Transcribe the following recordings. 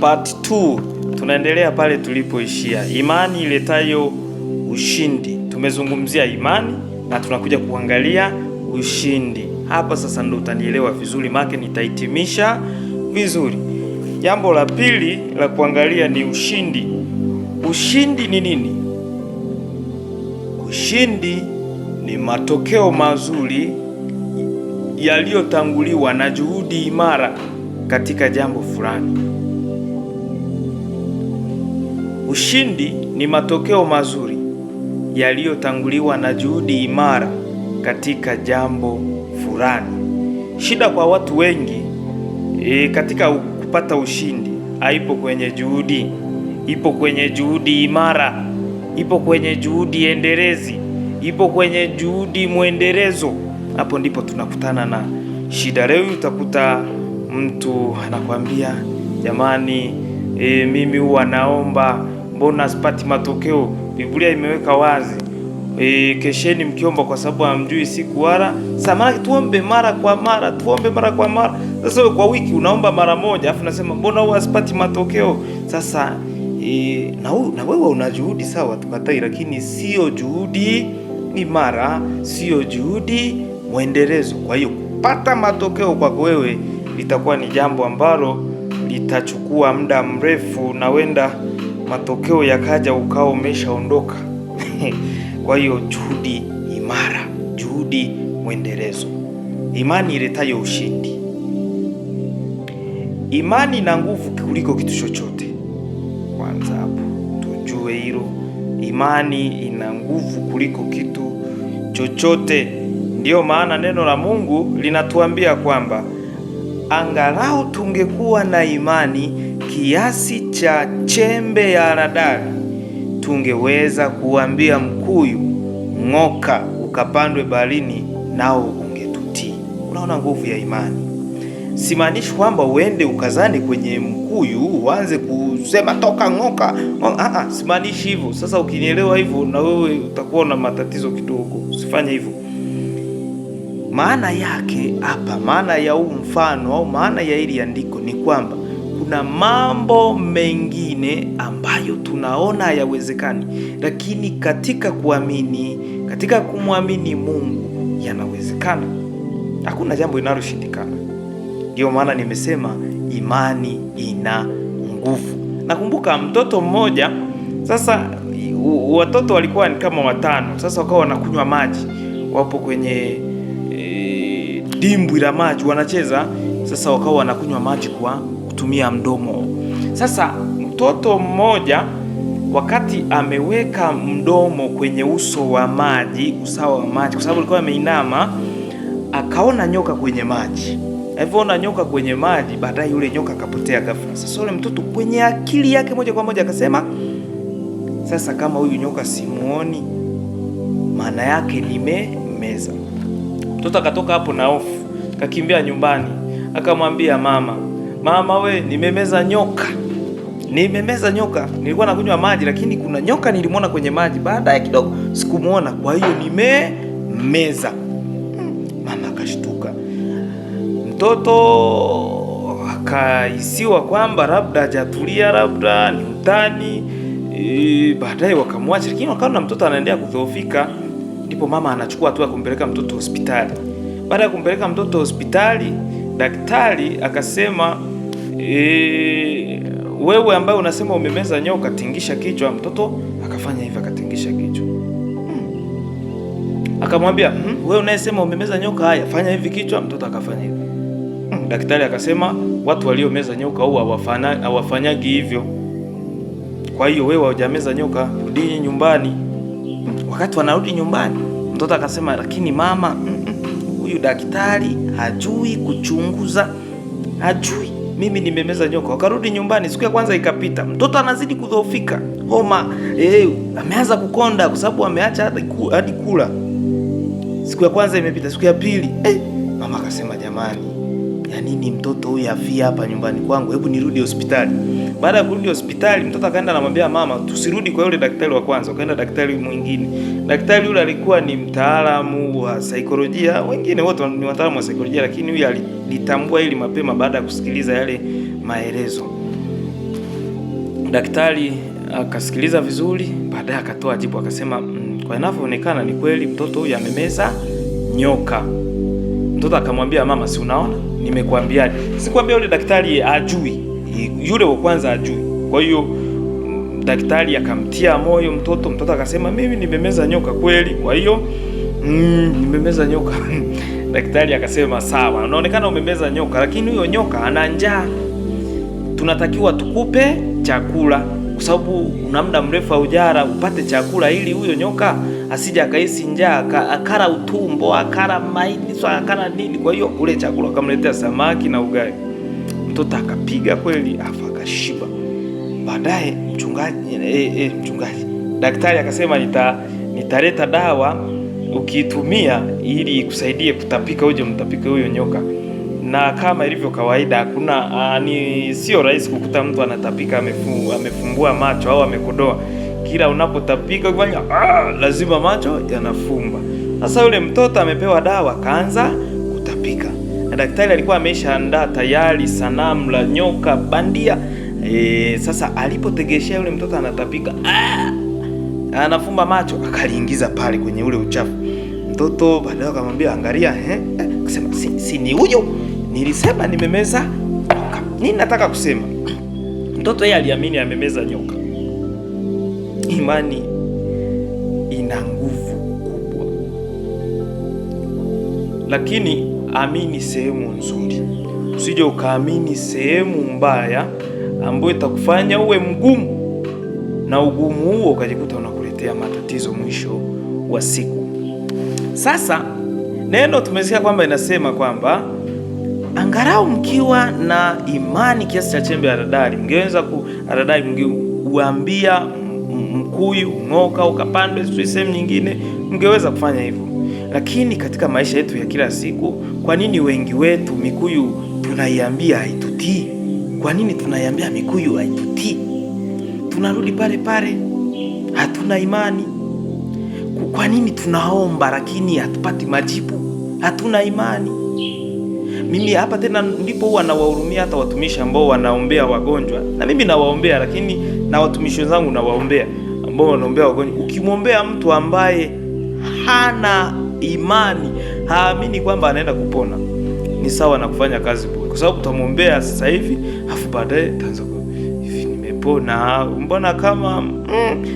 part 2 tunaendelea pale tulipoishia, imani iletayo ushindi. Tumezungumzia imani na tunakuja kuangalia ushindi hapa sasa, ndo utanielewa vizuri, make nitahitimisha vizuri. Jambo la pili la kuangalia ni ushindi. Ushindi ni nini? Ushindi ni matokeo mazuri yaliyotanguliwa na juhudi imara katika jambo fulani. Ushindi ni matokeo mazuri yaliyotanguliwa na juhudi imara katika jambo fulani. Shida kwa watu wengi e, katika kupata ushindi haipo kwenye juhudi, ipo kwenye juhudi imara, ipo kwenye juhudi endelezi, ipo kwenye juhudi mwendelezo. Hapo ndipo tunakutana na shida. Leo utakuta mtu anakwambia jamani, e, mimi huwa naomba mbona sipati matokeo? Biblia imeweka wazi e, kesheni mkiomba, kwa sababu hamjui siku wala saa. Maana tuombe mara kwa mara, tuombe mara kwa mara. Sasa kwa wiki unaomba mara moja, afu nasema mbona huwa sipati matokeo? Sasa e, na, na wewe una juhudi sawa, tukatai, lakini sio juhudi mara, sio juhudi mwendelezo. Kwa hiyo kupata matokeo kwako wewe litakuwa ni jambo ambalo litachukua muda mrefu na wenda matokeo yakaja ukawa umeshaondoka. Kwa hiyo juhudi imara, juhudi mwendelezo, imani iletayo ushindi. Imani na nguvu kuliko kitu chochote. Kwanza hapo tujue hilo, imani ina nguvu kuliko kitu chochote. Ndiyo maana neno la Mungu linatuambia kwamba angalau tungekuwa na imani kiasi cha chembe ya haradali, tungeweza kuambia mkuyu ng'oka, ukapandwe baharini, nao ungetutii. Unaona nguvu ya imani. Simaanishi kwamba uende ukazani kwenye mkuyu uanze kusema toka ng'oka, ng'oka. Ah, ah, simaanishi hivyo. Sasa ukinielewa hivyo, na wewe utakuwa na matatizo kidogo. Usifanye hivyo. Maana yake hapa, maana ya huu mfano au maana ya hili andiko ni kwamba kuna mambo mengine ambayo tunaona hayawezekani, lakini katika kuamini, katika kumwamini Mungu yanawezekana. Hakuna jambo linaloshindikana. Ndiyo maana nimesema imani ina nguvu. Nakumbuka mtoto mmoja, sasa watoto walikuwa ni kama watano, sasa wakawa wanakunywa maji, wapo kwenye e, dimbwi la maji wanacheza, sasa wakawa wanakunywa maji kwa kutumia mdomo. Sasa mtoto mmoja wakati ameweka mdomo kwenye uso wa maji, usawa wa maji, kwa sababu alikuwa ameinama, akaona nyoka kwenye maji. Alivyoona nyoka kwenye maji, baadaye yule nyoka akapotea ghafla. Sasa yule mtoto kwenye akili yake moja kwa moja akasema, sasa kama huyu nyoka simuoni, maana yake nimemeza. Mtoto akatoka hapo na hofu, kakimbia nyumbani, akamwambia mama mama we, nimemeza nyoka, nimemeza nyoka. Nilikuwa nakunywa maji, lakini kuna nyoka nilimwona kwenye maji, baadaye kidogo sikumwona, kwa hiyo nimemeza. Hmm, mama akashtuka, mtoto akaisiwa kwamba labda hajatulia, labda ni utani e, baadaye wakamwacha, lakini wakaona mtoto anaendelea kudhoofika, ndipo mama anachukua hatua ya kumpeleka mtoto hospitali. Baada ya kumpeleka mtoto hospitali, daktari akasema Eh, wewe ambaye unasema umemeza nyoka, katingisha kichwa. Mtoto akafanya hivyo, akatingisha kichwa hmm. Akamwambia hmm, wewe unayesema umemeza nyoka, haya fanya hivi kichwa. Mtoto akafanya hivyo hmm. Daktari akasema watu waliomeza nyoka huwa hawafanyagi hivyo, kwa hiyo wewe hujameza nyoka, rudi nyumbani hmm. Wakati wanarudi nyumbani, mtoto akasema lakini mama, hmm, hmm, hmm, huyu hmm, daktari hajui kuchunguza, hajui mimi nimemeza nyoka. Wakarudi nyumbani, siku ya kwanza ikapita, mtoto anazidi kudhoofika, homa eh, ameanza kukonda kwa sababu ameacha hadi kula. Siku ya kwanza imepita, siku ya pili eh, mama akasema jamani ya nini mtoto huyu afia hapa nyumbani kwangu, hebu nirudi hospitali. Baada ya kurudi hospitali, mtoto akaenda anamwambia mama, tusirudi kwa yule daktari wa kwanza, ukaenda daktari mwingine. Daktari yule alikuwa ni mtaalamu wa saikolojia, wengine wote ni wataalamu wa saikolojia, lakini huyu alitambua hili mapema baada ya kusikiliza yale maelezo. Daktari akasikiliza vizuri, baadaye akatoa jibu akasema, mm, kwa inavyoonekana ni kweli mtoto huyu amemeza nyoka. Mtoto akamwambia mama, si unaona nimekuambiaje? sikwambia yule daktari ajui, yule wa kwanza ajui. Kwa hiyo daktari akamtia moyo mtoto, mtoto akasema mimi nimemeza nyoka kweli. Kwa hiyo mm, nimemeza nyoka daktari akasema sawa, unaonekana umemeza nyoka, lakini huyo nyoka ana njaa, tunatakiwa tukupe chakula, kwa sababu una muda mrefu haujara upate chakula ili huyo nyoka asija akahisi njaa, akara utumbo, akara maini, akara nini. Kwa hiyo ule chakula akamletea samaki na ugali, mtoto akapiga kweli, afa akashiba. Baadaye mchungaji e, e, mchungaji daktari akasema nita nitaleta dawa ukiitumia ili kusaidie kutapika uje mtapike huyo nyoka. Na kama ilivyo kawaida, hakuna ah, ni sio rahisi kukuta mtu anatapika amefu, amefumbua macho au amekodoa kila unapotapika kufanya ah, lazima macho yanafumba. Sasa yule mtoto amepewa dawa, kaanza kutapika, na daktari alikuwa ameshaandaa tayari sanamu la nyoka bandia. E, sasa alipotegeshea yule mtoto anatapika, ah, anafumba macho, akaliingiza pale kwenye ule uchafu. Mtoto baadaye akamwambia angalia, eh, eh akasema si, si ni huyo nilisema nimemeza nyoka. Nini nataka kusema? Mtoto yeye aliamini amemeza nyoka imani ina nguvu kubwa, lakini amini sehemu nzuri, usije ukaamini sehemu mbaya ambayo itakufanya uwe mgumu, na ugumu huo ukajikuta unakuletea matatizo mwisho wa siku. Sasa neno tumesikia kwamba inasema kwamba angalau mkiwa na imani kiasi cha chembe ya haradali, mngeweza ku haradali mngeuambia ubukuyu, Ng'oka, ukapandwe sijui sehemu nyingine, mngeweza kufanya hivyo. Lakini katika maisha yetu ya kila siku, kwa nini wengi wetu mikuyu tunaiambia haitutii? Kwa nini tunaiambia mikuyu haitutii? Tunarudi pale pale, hatuna imani. Kwa nini tunaomba lakini hatupati majibu? Hatuna imani. Mimi hapa tena ndipo huwa nawahurumia hata watumishi ambao wanaombea wagonjwa, na mimi nawaombea, lakini na watumishi wenzangu nawaombea ambao wanaombea wagonjwa, ukimwombea mtu ambaye hana imani, haamini kwamba anaenda kupona, ni sawa na kufanya kazi bure, kwa sababu utamwombea sasa hivi afu baadaye utaanza hivi, nimepona, mbona kama mm,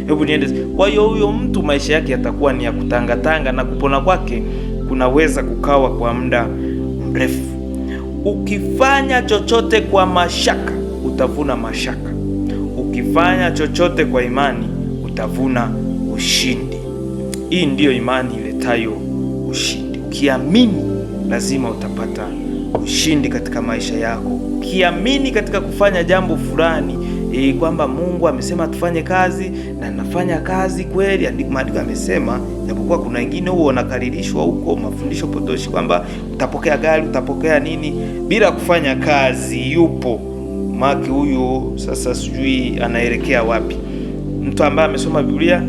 hebu niende. Kwa hiyo huyo mtu maisha yake yatakuwa ni ya kutangatanga na kupona kwake kunaweza kukawa kwa muda mrefu. Ukifanya chochote kwa mashaka utavuna mashaka, ukifanya chochote kwa imani utavuna ushindi. Hii ndiyo imani iletayo ushindi. Ukiamini lazima utapata ushindi katika maisha yako. Ukiamini katika kufanya jambo fulani e, kwamba Mungu amesema tufanye kazi na nafanya kazi kweli. Maandiko amesema, japokuwa kuna wengine huo wanakaririshwa huko mafundisho potoshi kwamba utapokea gari, utapokea nini bila kufanya kazi. Yupo maki huyu sasa sijui anaelekea wapi mtu ambaye amesoma Biblia,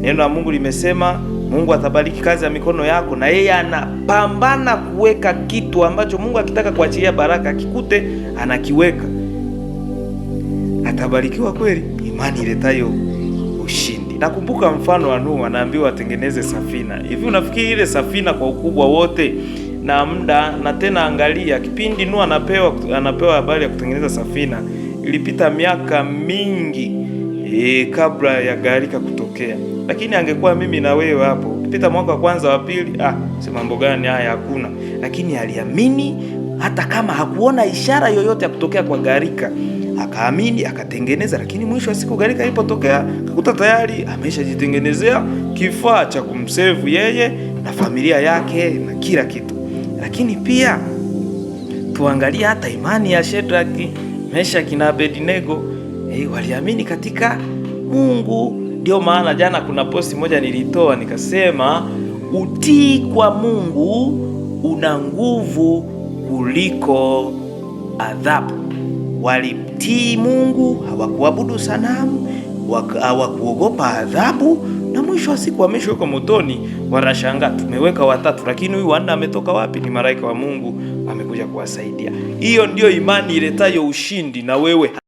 neno la Mungu limesema Mungu atabariki kazi ya mikono yako, na yeye anapambana kuweka kitu ambacho Mungu akitaka kuachilia baraka akikute anakiweka, atabarikiwa kweli. Imani iletayo ushindi. Nakumbuka mfano wa Nuhu, anaambiwa atengeneze safina. Hivi unafikiri ile safina kwa ukubwa wote na muda na tena, angalia kipindi Nuhu anapewa anapewa habari ya kutengeneza safina, ilipita miaka mingi e, kabla ya gharika kutokea. Lakini angekuwa mimi na wewe hapo ukipita mwaka wa kwanza wa pili, ah, si mambo gani haya, hakuna. Lakini aliamini hata kama hakuona ishara yoyote ya kutokea kwa gharika, akaamini akatengeneza. Lakini mwisho wa siku gharika ilipotokea, akakuta tayari ameshajitengenezea kifaa cha kumsevu yeye na familia yake na kila kitu. Lakini pia tuangalie hata imani ya Shedraki, Meshaki na Abednego e, waliamini katika Mungu. Ndio maana jana kuna posti moja nilitoa nikasema, utii kwa Mungu una nguvu kuliko adhabu. walitii Mungu, hawakuabudu sanamu, hawakuogopa adhabu, na mwisho wa siku wameshawekwa motoni. Wanashangaa, tumeweka watatu, lakini huyu wanne ametoka wapi? Ni malaika wa Mungu amekuja kuwasaidia. Hiyo ndiyo imani iletayo ushindi, na wewe